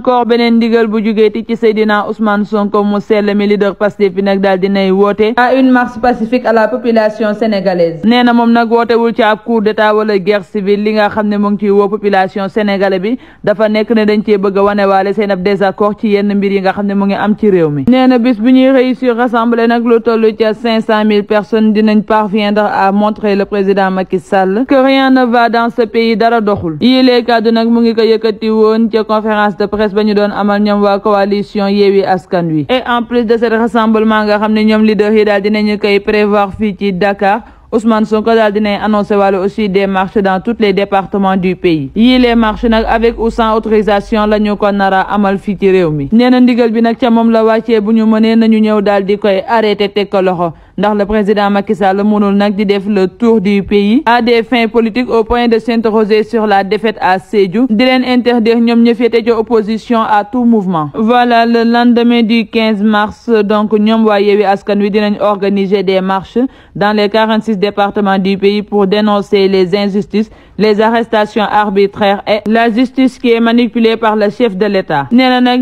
encore benen digal bu ti ci Seydina Ousmane Sonko mo sell mi leader Pastef bi nag daal dinay woote à une marche pacifique à la population sénégalaise nee na nak nag wul ci ab coup d'état wala guerre civile li nga xamné mo ngi wo population sénégalaise bi dafa nek né dañ ci bëgg wané walé seen ab désaccord ci yenn mbir yi nga xamné mo ngi am ci réew mi nee na bis bu ñuy réussir rassembler nak lu tollu ci cinq cent mille personnes dinañ parviendra à montrer le président Macky Sall que rien ne va dans ce pays dara doxul yii lee cadre nak mo ngi ko yëkëti woon ci conférence de presse bañu doon amal ñoom wa coalition yewi Askan Wi et en plus de ce rassemblement nga xamné ñom leader yi daal dinañu kay prévoir fi ci Dakar Ousmane Sonko daal dinay annoncer walu aussi des marches dans tous les départements du pays yi les marches nak avec ou sans autorisation lañu ko nara amal fi ci réew mi nee na ndigal bi nak ca mom la wacce bu ñu mënee nañu ñëw daal di koy arrêter té ko loxo le président Macky Sall mënul de le tour du pays à des fins politiques au point de s'interroger sur la défaite à Sédhiou di a interdire de faire opposition à tout mouvement voilà le lendemain du 15 mars donc avons organisé des marches dans les 46 départements du pays pour dénoncer les injustices les arrestations arbitraires et la justice qui est manipulée par le chef de l'État Nous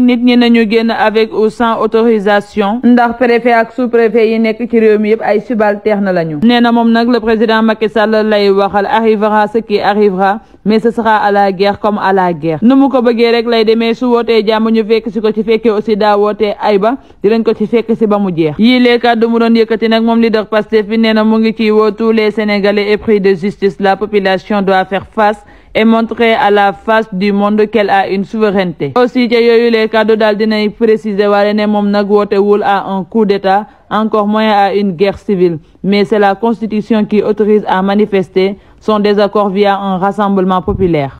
nit avec ou sans autorisation ndax préfet ak sous-préfet yeb yëpp ay subalterne lañu nee mom nak le président Macky Sall lay waxal arrivera ce qui arrivera mais ce sera à la guerre comme à la guerre numu ko beugé rek lay démé su woté jamm ñu fekk ci ko ci fekkee aussi da woté ayba di lañ ko ci fekk ci ba mu jeex yi lé kaddu mu don yëkkati nak mom leader Pastef bi nee mo ngi ci woo tous les Sénégalais épris de justice la population doit faire face et montrer à la face du monde qu'elle a une souveraineté aussi ca y les eu les dinay préciser waale nag à un coup d'état encore moins à une guerre civile mais c'est la constitution qui autorise à manifester son désaccord via un rassemblement populaire